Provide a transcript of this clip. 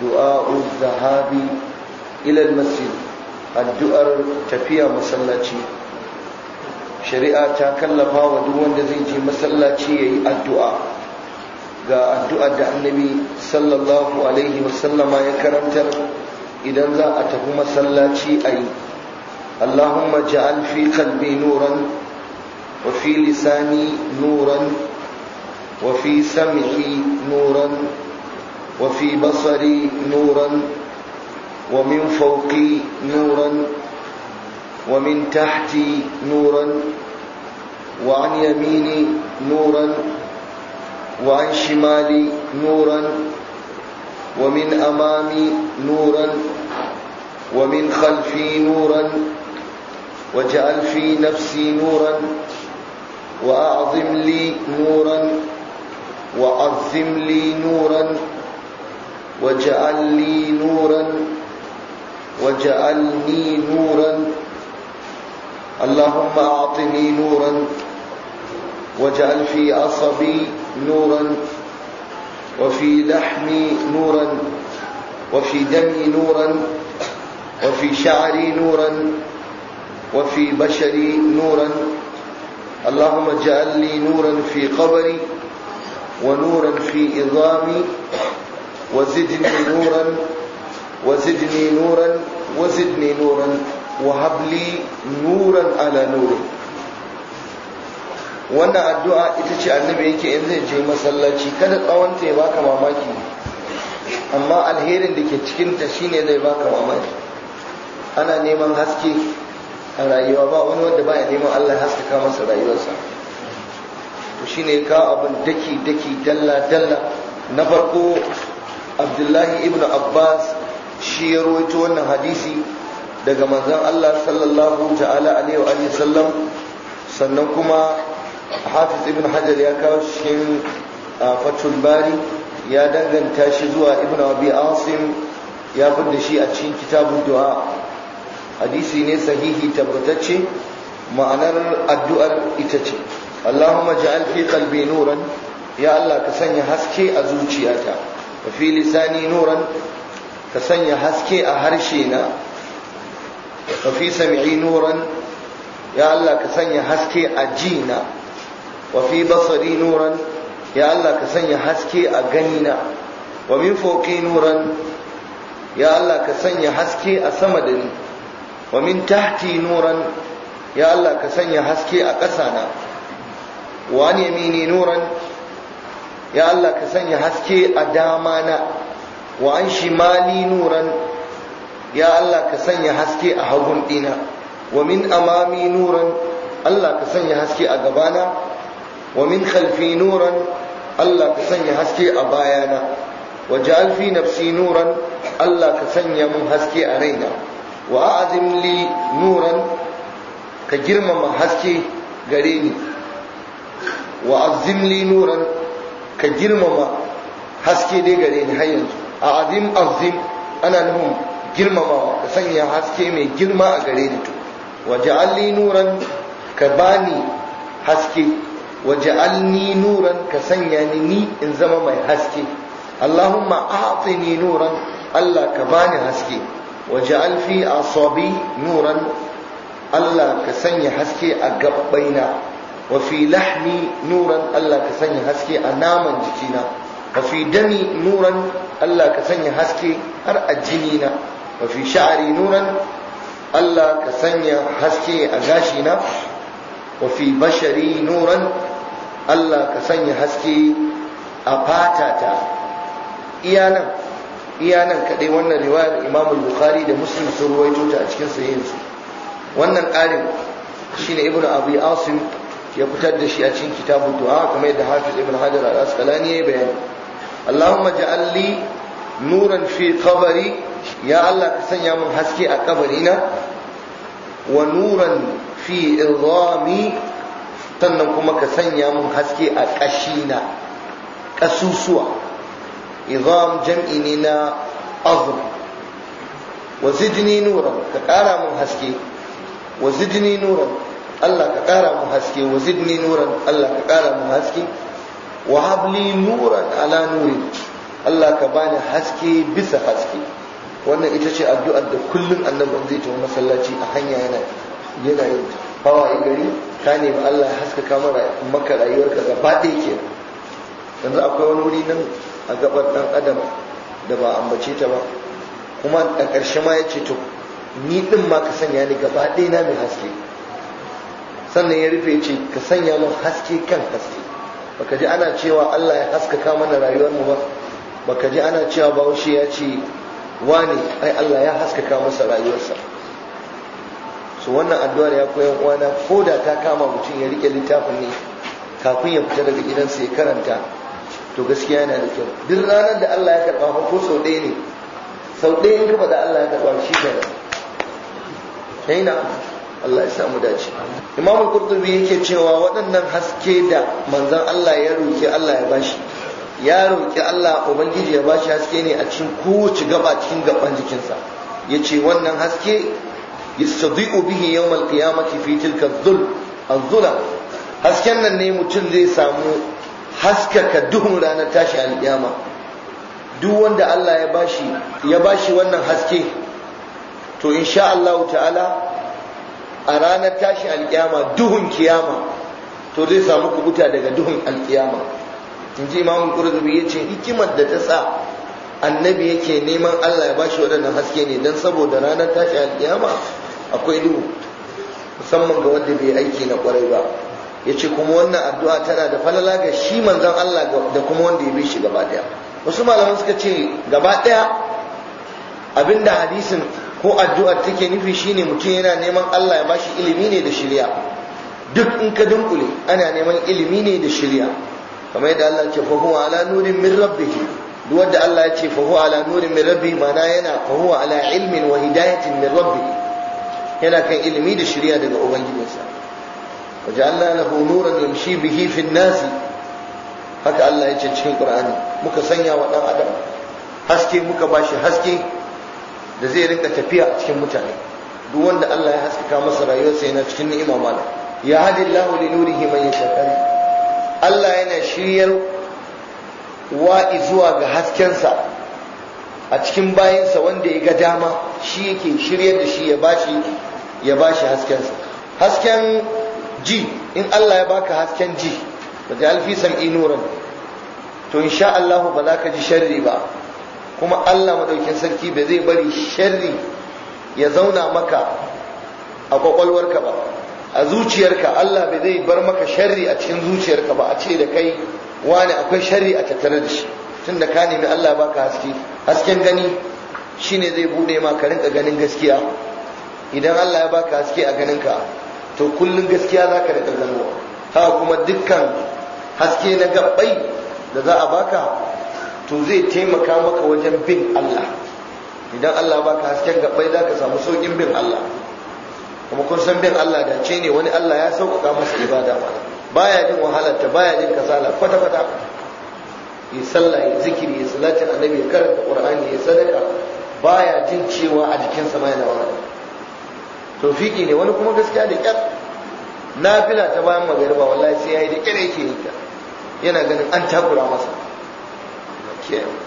du'a zahabi ila masjid addu'ar tafiya masallaci shari'a ta kallafa wa duk wanda zai je masallaci yayi addu'a ga addu'ar da annabi sallallahu alaihi wasallama ya karantar idan za a tafi masallaci ayi Allahumma ja'al fi qalbi nuran wa fi lisani nuran wa fi sam'i nuran وفي بصري نورا ومن فوقي نورا ومن تحتي نورا وعن يميني نورا وعن شمالي نورا ومن امامي نورا ومن خلفي نورا واجعل في نفسي نورا واعظم لي نورا وعظم لي نورا واجعل لي نورا واجعلني نورا اللهم أعطني نورا واجعل في عصبي نورا وفي لحمي نورا وفي دمي نورا وفي شعري نورا وفي بشري نورا اللهم اجعل لي نورا في قبري ونورا في إظامي وزدني نورا وزدني نورا وزدني نورا وهب لي نورا على نور wannan addu'a ita ce annabi yake in zai je masallaci kada tsawonta ya baka mamaki amma alherin da ke cikinta shine zai baka mamaki ana neman haske a rayuwa ba wani wanda baya neman Allah haskaka masa rayuwarsa to shine ka abun daki daki dalla dalla na farko abdullahi ibn abbas shi ya rawaito wannan hadisi daga manzon Allah sallallahu ta'ala alaihi wa sallam sannan kuma hafiz ibn hajar ya kawo shi uh, fatul bari ya danganta shi zuwa ibn abi asim ya fidda shi a cikin kitabun du'a hadisi ne sahihi tabbatacce ma'anar addu'ar ita ce Allahumma ja'al fi qalbi nuran ya Allah ka sanya haske a zuciyata wa fi lisani nuran ka sanya haske a harshe na wa fi sami'i nuran ya Allah ka sanya haske a ji na wa fi basari nuran ya Allah ka sanya haske a gani na wa min foki nuran ya Allah ka sanya haske a sama da ni wa min tahti nuran ya Allah ka sanya haske a ƙasa na wa an yamini nuran ya Allah ka sanya haske a dama na wa an shimali nuran ya Allah ka sanya haske a hagun dina wa min amami nuran Allah ka sanya haske a gabana wa min khalfi nuran Allah ka sanya haske a bayana wa ja'al fi nafsi nuran Allah ka sanya mun haske a raina wa a'zim li nuran ka girmama haske gare ni wa azim li nuran ka girmama haske dai gare ni har yanzu a azim azim ana nufin girmama ka sanya haske mai girma a gare ni to alli nuran ka bani haske waja'alni nuran ka sanya ni ni in zama mai haske Allahumma a'tini nuran Allah ka bani haske waje fi asabi nuran Allah ka sanya haske a gabbaina wa fi lahmi nuran Allah ka sanya haske a naman jikina wa fi dami nuran Allah ka sanya haske har a jini na. fi sha'ari nuran Allah ka sanya haske a gashina wa fi nuran Allah ka sanya haske a fatata iyanan iyanan kadai wannan riwayar Imam Bukhari da Muslim sun ruwaito ta a cikin sahihinsu wannan ƙarin shine Ibn Abi Asim ya fitar da shi a cikin kitabun du'a kamar yadda hafiz ibn hajar al-asqalani ya bayani allahumma ja'al nuran fi qabri ya allah ka sanya mun haske a kabarina wa nuran fi idami sannan kuma ka sanya mun haske a kashina kasusuwa idam jam'i ne na azm wa zidni nuran ka kara mun haske wa zidni nuran Allah ka ƙara mu haske wa zidni nuran Allah ka ƙara mu haske wa habli nuran ala nuri Allah ka bani haske bisa haske wannan ita ce addu'ar da kullum annabi zai tafi masallaci a hanya yana yana yin fawa gari ka ba Allah haska haskaka maka rayuwarka gaba ɗaya ke yanzu akwai wani wuri nan a gabar ɗan adam da ba ambace ta ba kuma a ƙarshe ma ya ce to ni ɗin ma ka sanya ni gaba ɗaya na mai haske sannan ya rufe ce ka sanya mun haske kan haske baka ji ana cewa Allah ya haskaka mana rayuwar mu ba baka ji ana cewa shi ya ce 'Wani?' ai Allah ya haskaka masa rayuwarsa su wannan addu'ar ya koyan uwana ko da ta kama mutum ya rike littafin ne kafin ya fita daga gidansa ya karanta to gaskiya yana da kyau duk ranar da Allah ya karɓa ko sau ɗaya ne sau ɗaya in ka faɗa Allah ya karɓa shi kenan Allah ya samu dace Imam Qurtubi yake cewa waɗannan haske da manzon Allah ya roki Allah ya bashi ya roki Allah ubangiji ya bashi haske ne a cikin kowace gaba cikin gaban jikinsa yace wannan haske yastadi'u bihi yawm al-qiyamati fi tilka dhul dhula hasken nan ne mutum zai samu ka duhun ranar tashi alƙiyama duk wanda Allah ya bashi ya bashi wannan haske to insha Allah ta'ala a ranar tashi alkiyama duhun kiyama to zai samu kubuta daga duhun alkiyama in ji imamun kurzubi ya ce hikimar da ta sa annabi yake neman allah ya ba shi waɗannan haske ne don saboda ranar tashi alkiyama akwai duhu musamman ga wanda bai aiki na kwarai ba ya ce kuma wannan addu'a tana da falala ga shi manzan allah da kuma wanda ya bi shi gaba ɗaya. wasu malaman suka ce gaba ɗaya abinda hadisin ko addu'ar take nufi shine mutum yana neman Allah ya bashi ilimi ne da shirya duk in ka dunkule ana neman ilimi ne da shirya kamar yadda Allah ce fa ala nurin min rabbih duk wanda Allah ya ce fa ala nurin min rabbi mana yana fa ala ilmin wa hidayatin min rabbih yana kan ilimi da shirya daga ubangijinsa waja'alna lahu nuran yamshi bihi fi an-nas haka Allah ya ce cikin Qur'ani muka sanya wa dan adam haske muka bashi haske da zai rinka tafiya a cikin mutane duk wanda Allah ya haskaka masa rayuwarsa yana cikin ni'ima mala ya hadi Allahu li nurihi man Allah yana shiryar wa'i zuwa ga haskensa a cikin bayansa wanda ya ga dama shi yake shiryar da shi ya bashi ya bashi haskensa hasken ji in Allah ya baka hasken ji da alfi sam'i nuran to insha Allah ba za ka ji sharri ba kuma Allah madaukin sarki bai zai bari sharri ya zauna maka a kwakwalwarka ba a zuciyarka Allah bai zai bar maka sharri a cikin zuciyarka ba a ce da kai wani akwai sharri a tattare da shi tun ka nemi Allah baka haske hasken gani shine zai bude ma ka rinka ganin gaskiya idan Allah ya baka haske a ganin ka to kullun gaskiya zaka rinka ganowa ta kuma dukkan haske na gabbai da za a baka to zai taimaka maka wajen bin Allah idan Allah ba ka hasken gabai za ka samu saukin bin Allah kuma kun san bin Allah da ce ne wani Allah ya sauƙaƙa masa ibada baya jin wahalarta baya jin kasala kwata kwata ya sallah ya zikiri ya salatin annabi ya karanta qur'ani ya sadaka baya jin cewa a jikinsa ma yana to tofiki ne wani kuma gaskiya da kyar nafila ta bayan magariba wallahi sai yayi da kyar yake yi ta yana ganin an takura masa kid.